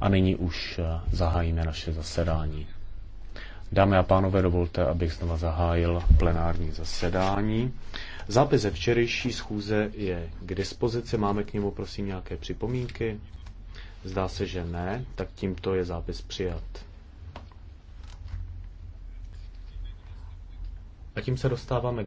A nyní už eh, zahájíme naše zasedání. Dámy a pánové, dovolte, abych znova zahájil plenární zasedání. Zápis ze včerejší schůze je k dispozici. Máme k němu, prosím, nějaké připomínky? Zdá se, že ne, tak tímto je zápis přijat. A tím se dostáváme